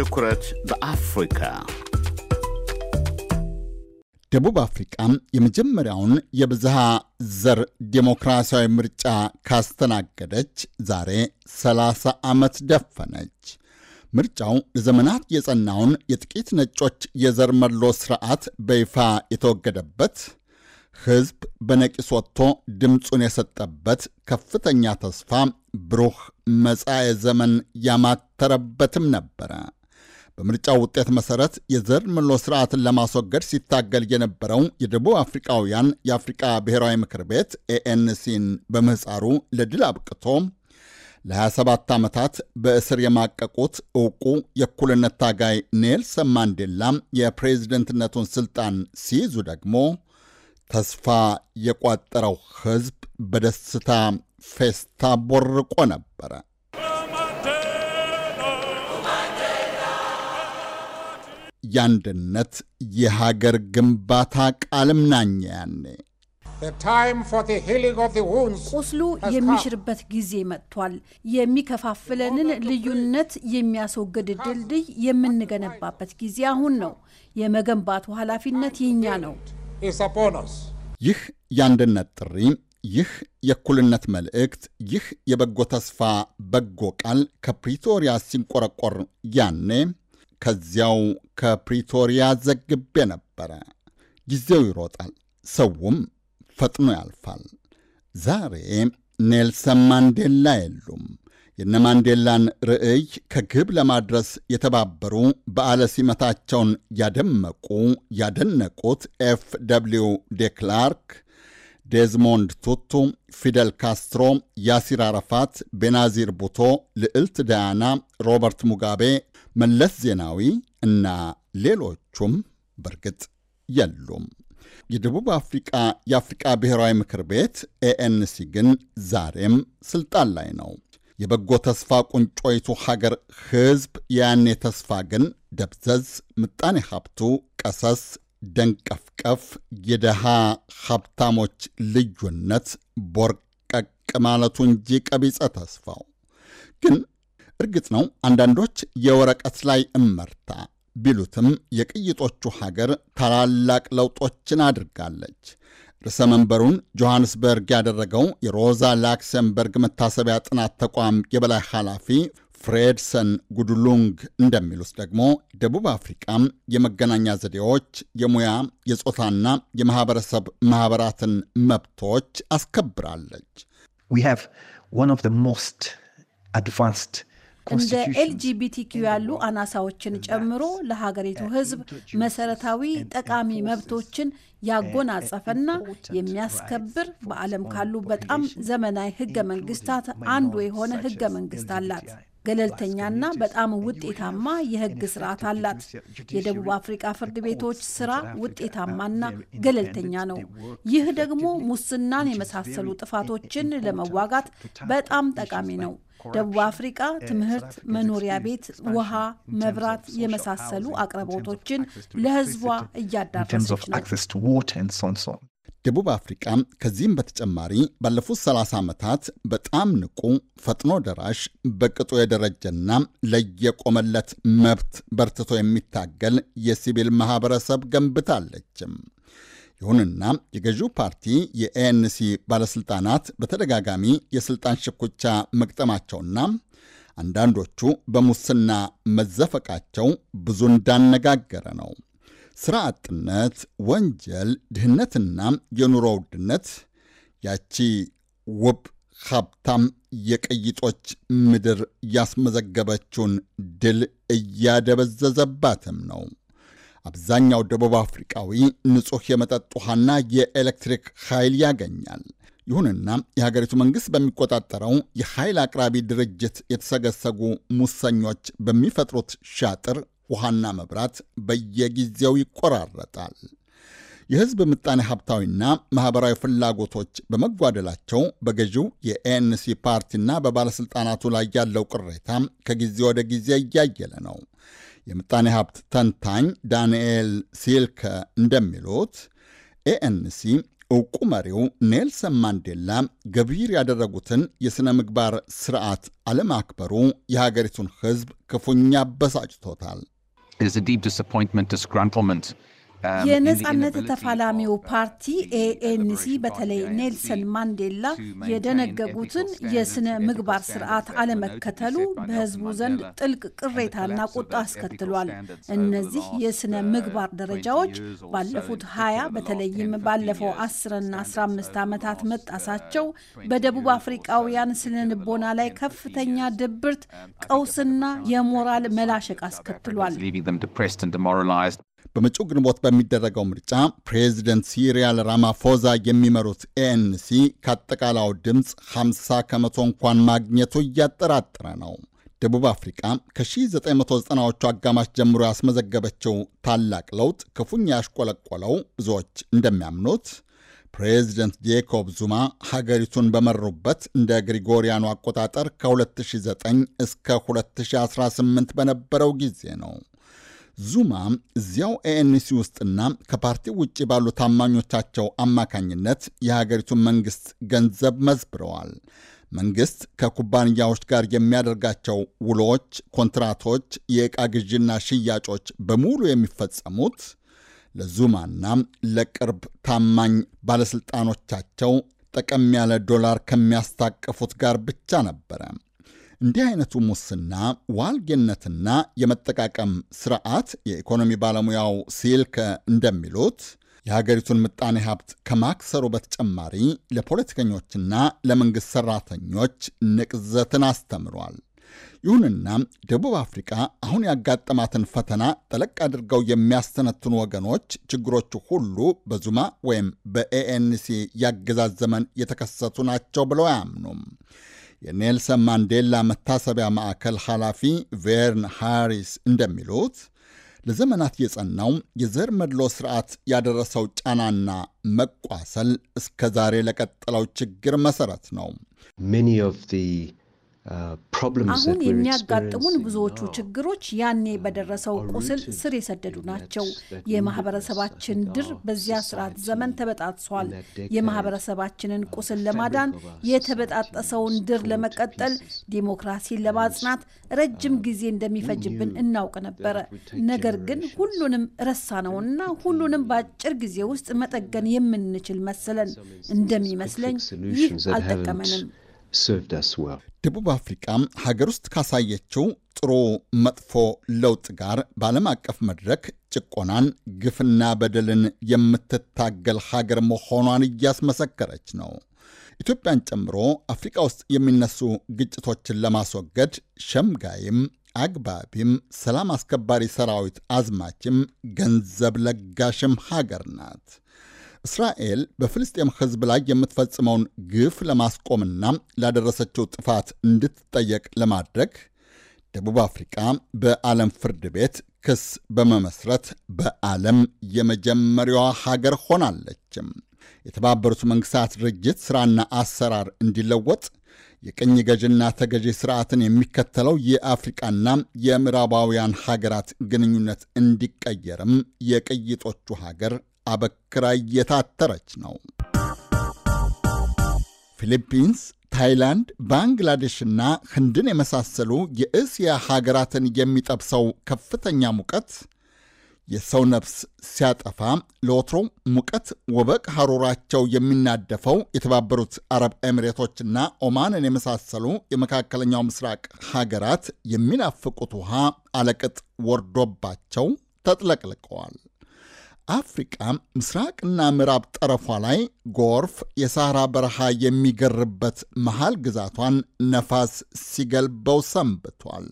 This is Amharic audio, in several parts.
ትኩረት በአፍሪካ ደቡብ አፍሪቃ የመጀመሪያውን የብዝሃ ዘር ዴሞክራሲያዊ ምርጫ ካስተናገደች ዛሬ 30 ዓመት ደፈነች። ምርጫው ለዘመናት የጸናውን የጥቂት ነጮች የዘር መድሎ ስርዓት በይፋ የተወገደበት ሕዝብ በነቂስ ወጥቶ ድምፁን የሰጠበት ከፍተኛ ተስፋ ብሩህ መጻኤ ዘመን ያማተረበትም ነበረ። በምርጫው ውጤት መሰረት የዘር መሎ ስርዓትን ለማስወገድ ሲታገል የነበረው የደቡብ አፍሪቃውያን የአፍሪቃ ብሔራዊ ምክር ቤት ኤኤንሲን በምህፃሩ ለድል አብቅቶ ለ27 ዓመታት በእስር የማቀቁት እውቁ የእኩልነት ታጋይ ኔልሰን ማንዴላ የፕሬዝደንትነቱን ስልጣን ሲይዙ ደግሞ ተስፋ የቋጠረው ህዝብ በደስታ ፌስታ ቦርቆ ነበረ። የአንድነት የሀገር ግንባታ ቃልም ናኘ ያኔ ቁስሉ የሚሽርበት ጊዜ መጥቷል። የሚከፋፍለንን ልዩነት የሚያስወግድ ድልድይ የምንገነባበት ጊዜ አሁን ነው። የመገንባቱ ኃላፊነት ይኛ ነው። ይህ የአንድነት ጥሪ፣ ይህ የእኩልነት መልእክት፣ ይህ የበጎ ተስፋ በጎ ቃል ከፕሪቶሪያ ሲንቆረቆር ያኔ ከዚያው ከፕሪቶሪያ ዘግቤ ነበረ። ጊዜው ይሮጣል፣ ሰውም ፈጥኖ ያልፋል። ዛሬ ኔልሰን ማንዴላ የሉም። የነ ማንዴላን ርዕይ ከግብ ለማድረስ የተባበሩ በዓለ ሲመታቸውን ያደመቁ ያደነቁት ኤፍ ደብሊው ዴክላርክ፣ ዴዝሞንድ ቱቱ፣ ፊደል ካስትሮ፣ ያሲር አረፋት፣ ቤናዚር ቡቶ፣ ልዕልት ዳያና፣ ሮበርት ሙጋቤ፣ መለስ ዜናዊ እና ሌሎቹም በርግጥ የሉም። የደቡብ አፍሪቃ የአፍሪቃ ብሔራዊ ምክር ቤት ኤኤንሲ ግን ዛሬም ስልጣን ላይ ነው። የበጎ ተስፋ ቁንጮይቱ ሀገር ህዝብ ያኔ ተስፋ ግን ደብዘዝ፣ ምጣኔ ሀብቱ ቀሰስ፣ ደንቀፍቀፍ፣ የደሃ ሀብታሞች ልዩነት ቦርቀቅ ማለቱ እንጂ ቀቢጸ ተስፋው ግን እርግጥ ነው አንዳንዶች የወረቀት ላይ እመርታ ቢሉትም የቅይጦቹ ሀገር ታላላቅ ለውጦችን አድርጋለች። ርዕሰ መንበሩን ጆሐንስበርግ ያደረገው የሮዛ ላክሰምበርግ መታሰቢያ ጥናት ተቋም የበላይ ኃላፊ ፍሬድሰን ጉድሉንግ እንደሚሉት ደግሞ ደቡብ አፍሪቃም የመገናኛ ዘዴዎች፣ የሙያ፣ የጾታና የማህበረሰብ ማኅበራትን መብቶች አስከብራለች። We have one እንደ ኤልጂቢቲኪ ያሉ አናሳዎችን ጨምሮ ለሀገሪቱ ሕዝብ መሰረታዊ ጠቃሚ መብቶችን ያጎናጸፈና የሚያስከብር በዓለም ካሉ በጣም ዘመናዊ ህገ መንግስታት አንዱ የሆነ ህገ መንግስት አላት። ገለልተኛና በጣም ውጤታማ የህግ ስርዓት አላት። የደቡብ አፍሪካ ፍርድ ቤቶች ስራ ውጤታማና ገለልተኛ ነው። ይህ ደግሞ ሙስናን የመሳሰሉ ጥፋቶችን ለመዋጋት በጣም ጠቃሚ ነው። ደቡብ አፍሪቃ ትምህርት፣ መኖሪያ ቤት፣ ውሃ፣ መብራት የመሳሰሉ አቅርቦቶችን ለህዝቧ እያዳረሰች ነው። ደቡብ አፍሪቃ ከዚህም በተጨማሪ ባለፉት 30 ዓመታት በጣም ንቁ፣ ፈጥኖ ደራሽ፣ በቅጡ የደረጀና ለየቆመለት መብት በርትቶ የሚታገል የሲቪል ማኅበረሰብ ገንብታለችም። ይሁንና የገዢው ፓርቲ የኤንሲ ባለሥልጣናት በተደጋጋሚ የሥልጣን ሽኩቻ መግጠማቸውና አንዳንዶቹ በሙስና መዘፈቃቸው ብዙ እንዳነጋገረ ነው። ስራ አጥነት፣ ወንጀል፣ ድህነትና የኑሮ ውድነት ያቺ ውብ ሀብታም የቅይጦች ምድር ያስመዘገበችውን ድል እያደበዘዘባትም ነው። አብዛኛው ደቡብ አፍሪቃዊ ንጹሕ የመጠጥ ውሃና የኤሌክትሪክ ኃይል ያገኛል። ይሁንና የሀገሪቱ መንግሥት በሚቆጣጠረው የኃይል አቅራቢ ድርጅት የተሰገሰጉ ሙሰኞች በሚፈጥሩት ሻጥር ውሃና መብራት በየጊዜው ይቆራረጣል። የህዝብ ምጣኔ ሀብታዊና ማኅበራዊ ፍላጎቶች በመጓደላቸው በገዢው የኤንሲ ፓርቲና በባለሥልጣናቱ ላይ ያለው ቅሬታ ከጊዜ ወደ ጊዜ እያየለ ነው። የምጣኔ ሀብት ተንታኝ ዳንኤል ሲልከ እንደሚሉት ኤኤንሲ እውቁ መሪው ኔልሰን ማንዴላ ገቢር ያደረጉትን የሥነ ምግባር ሥርዓት አለማክበሩ የሀገሪቱን ሕዝብ ክፉኛ አበሳጭቶታል is a deep disappointment, disgruntlement, የነጻነት ተፋላሚው ፓርቲ ኤኤንሲ በተለይ ኔልሰን ማንዴላ የደነገጉትን የስነ ምግባር ስርዓት አለመከተሉ በህዝቡ ዘንድ ጥልቅ ቅሬታና ቁጣ አስከትሏል። እነዚህ የስነ uh, ምግባር ደረጃዎች ባለፉት ሀያ በተለይም ባለፈው አስርና አስራ አምስት uh, ዓመታት uh, መጣሳቸው በደቡብ አፍሪቃውያን ስነ ልቦና ላይ ከፍተኛ ድብርት፣ um, ቀውስና የሞራል መላሸቅ አስከትሏል። በመጪው ግንቦት በሚደረገው ምርጫ ፕሬዚደንት ሲሪያል ራማፎዛ የሚመሩት ኤኤንሲ ከአጠቃላዩ ድምፅ 50 ከመቶ እንኳን ማግኘቱ እያጠራጠረ ነው። ደቡብ አፍሪቃ ከ1990ዎቹ አጋማሽ ጀምሮ ያስመዘገበችው ታላቅ ለውጥ ክፉኛ ያሽቆለቆለው ብዙዎች እንደሚያምኑት ፕሬዚደንት ጄኮብ ዙማ ሀገሪቱን በመሩበት እንደ ግሪጎሪያኑ አቆጣጠር ከ2009 እስከ 2018 በነበረው ጊዜ ነው። ዙማ እዚያው ኤኤንሲ ውስጥና ከፓርቲው ውጭ ባሉ ታማኞቻቸው አማካኝነት የሀገሪቱን መንግስት ገንዘብ መዝብረዋል። መንግስት ከኩባንያዎች ጋር የሚያደርጋቸው ውሎች፣ ኮንትራቶች፣ የዕቃ ግዥና ሽያጮች በሙሉ የሚፈጸሙት ለዙማና ለቅርብ ታማኝ ባለሥልጣኖቻቸው ጠቀም ያለ ዶላር ከሚያስታቅፉት ጋር ብቻ ነበረ። እንዲህ አይነቱ ሙስና ዋልጌነትና የመጠቃቀም ስርዓት የኢኮኖሚ ባለሙያው ሲልክ እንደሚሉት የሀገሪቱን ምጣኔ ሀብት ከማክሰሩ በተጨማሪ ለፖለቲከኞችና ለመንግሥት ሠራተኞች ንቅዘትን አስተምሯል። ይሁንና ደቡብ አፍሪካ አሁን ያጋጠማትን ፈተና ጠለቅ አድርገው የሚያስተነትኑ ወገኖች ችግሮቹ ሁሉ በዙማ ወይም በኤኤንሲ ያገዛዝ ዘመን የተከሰቱ ናቸው ብለው አያምኑም። የኔልሰን ማንዴላ መታሰቢያ ማዕከል ኃላፊ ቬርን ሃሪስ እንደሚሉት ለዘመናት የጸናው የዘር መድሎ ስርዓት ያደረሰው ጫናና መቋሰል እስከ ዛሬ ለቀጠለው ችግር መሰረት ነው። Uh, አሁን የሚያጋጥሙን ብዙዎቹ oh, ችግሮች ያኔ uh, በደረሰው ቁስል ስር የሰደዱ ናቸው። የማህበረሰባችን ድር በዚያ ስርዓት ዘመን ተበጣጥሷል። የማህበረሰባችንን uh, ቁስል ለማዳን የተበጣጠሰውን ድር ለመቀጠል፣ ዲሞክራሲን ለማጽናት ረጅም ጊዜ እንደሚፈጅብን እናውቅ ነበረ። ነገር ግን ሁሉንም እና ሁሉንም በአጭር ጊዜ ውስጥ መጠገን የምንችል መሰለን። እንደሚመስለኝ ይህ አልጠቀመንም። ደቡብ አፍሪቃ ሀገር ውስጥ ካሳየችው ጥሩ መጥፎ ለውጥ ጋር በዓለም አቀፍ መድረክ ጭቆናን፣ ግፍና በደልን የምትታገል ሀገር መሆኗን እያስመሰከረች ነው። ኢትዮጵያን ጨምሮ አፍሪቃ ውስጥ የሚነሱ ግጭቶችን ለማስወገድ ሸምጋይም አግባቢም ሰላም አስከባሪ ሰራዊት አዝማችም ገንዘብ ለጋሽም ሀገር ናት። እስራኤል በፍልስጤም ሕዝብ ላይ የምትፈጽመውን ግፍ ለማስቆምና ላደረሰችው ጥፋት እንድትጠየቅ ለማድረግ ደቡብ አፍሪቃ በዓለም ፍርድ ቤት ክስ በመመስረት በዓለም የመጀመሪያዋ ሀገር ሆናለችም። የተባበሩት መንግስታት ድርጅት ሥራና አሰራር እንዲለወጥ የቅኝ ገዥና ተገዢ ስርዓትን የሚከተለው የአፍሪቃና የምዕራባውያን ሀገራት ግንኙነት እንዲቀየርም የቅይጦቹ ሀገር አበክራ እየታተረች ነው። ፊሊፒንስ፣ ታይላንድ፣ ባንግላዴሽና ህንድን የመሳሰሉ የእስያ ሀገራትን የሚጠብሰው ከፍተኛ ሙቀት የሰው ነፍስ ሲያጠፋ ለወትሮ ሙቀት ወበቅ ሐሩራቸው የሚናደፈው የተባበሩት አረብ ኤምሬቶችና ኦማንን የመሳሰሉ የመካከለኛው ምስራቅ ሀገራት የሚናፍቁት ውሃ አለቅጥ ወርዶባቸው ተጥለቅልቀዋል። አፍሪቃ ምስራቅና ምዕራብ ጠረፏ ላይ ጎርፍ የሳራ በረሃ የሚገርበት መሃል ግዛቷን ነፋስ ሲገልበው ሰንብቷል።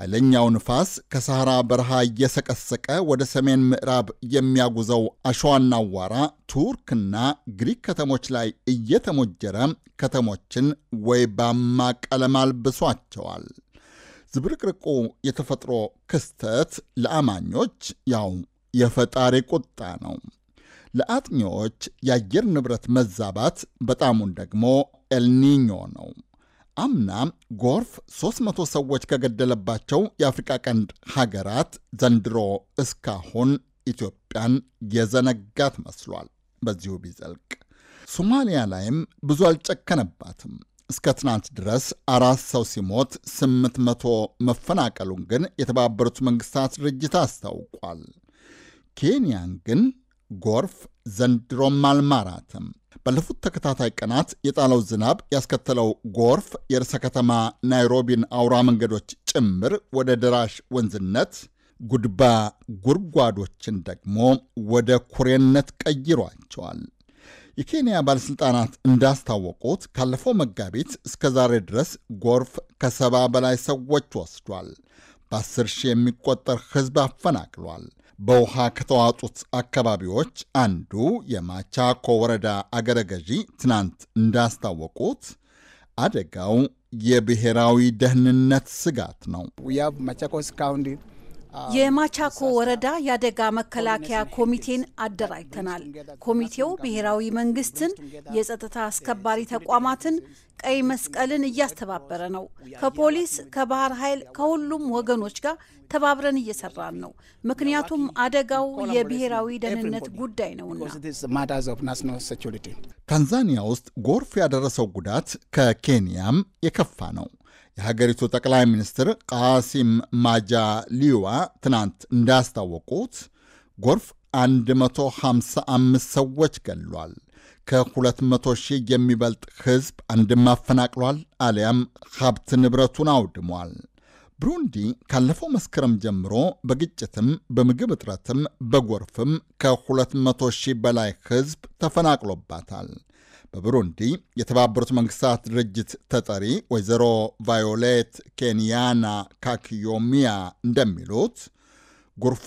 ኃይለኛው ንፋስ ከሳራ በረሃ እየሰቀሰቀ ወደ ሰሜን ምዕራብ የሚያጉዘው አሸዋና አዋራ ቱርክና ግሪክ ከተሞች ላይ እየተሞጀረ ከተሞችን ወይባማ ቀለም አልብሷቸዋል። ዝብርቅርቁ የተፈጥሮ ክስተት ለአማኞች ያው የፈጣሪ ቁጣ ነው። ለአጥኚዎች የአየር ንብረት መዛባት በጣሙን ደግሞ ኤልኒኞ ነው። አምና ጎርፍ 300 ሰዎች ከገደለባቸው የአፍሪቃ ቀንድ ሀገራት ዘንድሮ እስካሁን ኢትዮጵያን የዘነጋት መስሏል። በዚሁ ቢዘልቅ ሶማሊያ ላይም ብዙ አልጨከነባትም። እስከ ትናንት ድረስ አራት ሰው ሲሞት 800 መፈናቀሉን ግን የተባበሩት መንግስታት ድርጅት አስታውቋል። ኬንያን ግን ጎርፍ ዘንድሮም አልማራትም። ባለፉት ተከታታይ ቀናት የጣለው ዝናብ ያስከተለው ጎርፍ የርዕሰ ከተማ ናይሮቢን አውራ መንገዶች ጭምር ወደ ደራሽ ወንዝነት፣ ጉድባ ጉድጓዶችን ደግሞ ወደ ኩሬነት ቀይሯቸዋል። የኬንያ ባለሥልጣናት እንዳስታወቁት ካለፈው መጋቢት እስከ ዛሬ ድረስ ጎርፍ ከሰባ በላይ ሰዎች ወስዷል። በአስር ሺህ የሚቆጠር ሕዝብ አፈናቅሏል። በውሃ ከተዋጡት አካባቢዎች አንዱ የማቻኮ ወረዳ አገረ ገዢ ትናንት እንዳስታወቁት አደጋው የብሔራዊ ደህንነት ስጋት ነው። የማቻኮ ወረዳ የአደጋ መከላከያ ኮሚቴን አደራጅተናል። ኮሚቴው ብሔራዊ መንግስትን፣ የጸጥታ አስከባሪ ተቋማትን፣ ቀይ መስቀልን እያስተባበረ ነው። ከፖሊስ፣ ከባህር ኃይል፣ ከሁሉም ወገኖች ጋር ተባብረን እየሰራን ነው። ምክንያቱም አደጋው የብሔራዊ ደህንነት ጉዳይ ነውና። ታንዛኒያ ውስጥ ጎርፍ ያደረሰው ጉዳት ከኬንያም የከፋ ነው። የሀገሪቱ ጠቅላይ ሚኒስትር ቃሲም ማጃሊዋ ትናንት እንዳስታወቁት ጎርፍ 155 ሰዎች ገሏል፣ ከ200 ሺህ የሚበልጥ ሕዝብ አንድም አፈናቅሏል አሊያም ሀብት ንብረቱን አውድሟል። ብሩንዲ ካለፈው መስከረም ጀምሮ በግጭትም በምግብ እጥረትም በጎርፍም ከ200 ሺህ በላይ ሕዝብ ተፈናቅሎባታል። በቡሩንዲ የተባበሩት መንግስታት ድርጅት ተጠሪ ወይዘሮ ቫዮሌት ኬንያና ካኪዮሚያ እንደሚሉት ጎርፉ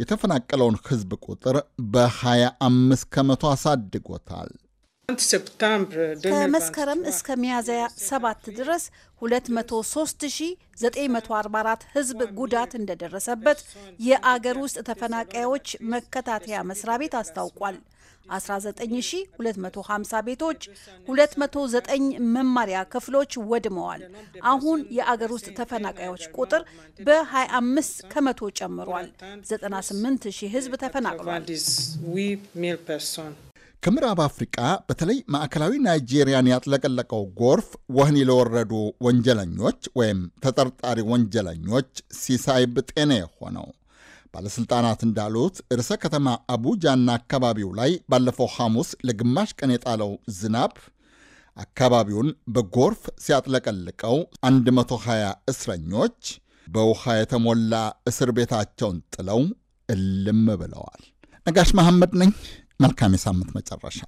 የተፈናቀለውን ህዝብ ቁጥር በ25 ከመቶ አሳድጎታል። ከመስከረም እስከ ሚያዝያ 7 ድረስ 203944 ህዝብ ጉዳት እንደደረሰበት የአገር ውስጥ ተፈናቃዮች መከታተያ መስሪያ ቤት አስታውቋል። 19250 ቤቶች፣ 209 መማሪያ ክፍሎች ወድመዋል። አሁን የአገር ውስጥ ተፈናቃዮች ቁጥር በ25 ከመቶ ጨምሯል። 98000 ህዝብ ሕዝብ ተፈናቅሏል። ከምዕራብ አፍሪቃ በተለይ ማዕከላዊ ናይጄሪያን ያጥለቀለቀው ጎርፍ ወህኒ ለወረዱ ወንጀለኞች ወይም ተጠርጣሪ ወንጀለኞች ሲሳይብ ጤኔ የሆነው። ባለሥልጣናት እንዳሉት ርዕሰ ከተማ አቡጃና አካባቢው ላይ ባለፈው ሐሙስ ለግማሽ ቀን የጣለው ዝናብ አካባቢውን በጎርፍ ሲያጥለቀልቀው 120 እስረኞች በውሃ የተሞላ እስር ቤታቸውን ጥለው እልም ብለዋል። ነጋሽ መሐመድ ነኝ። መልካም የሳምንት መጨረሻ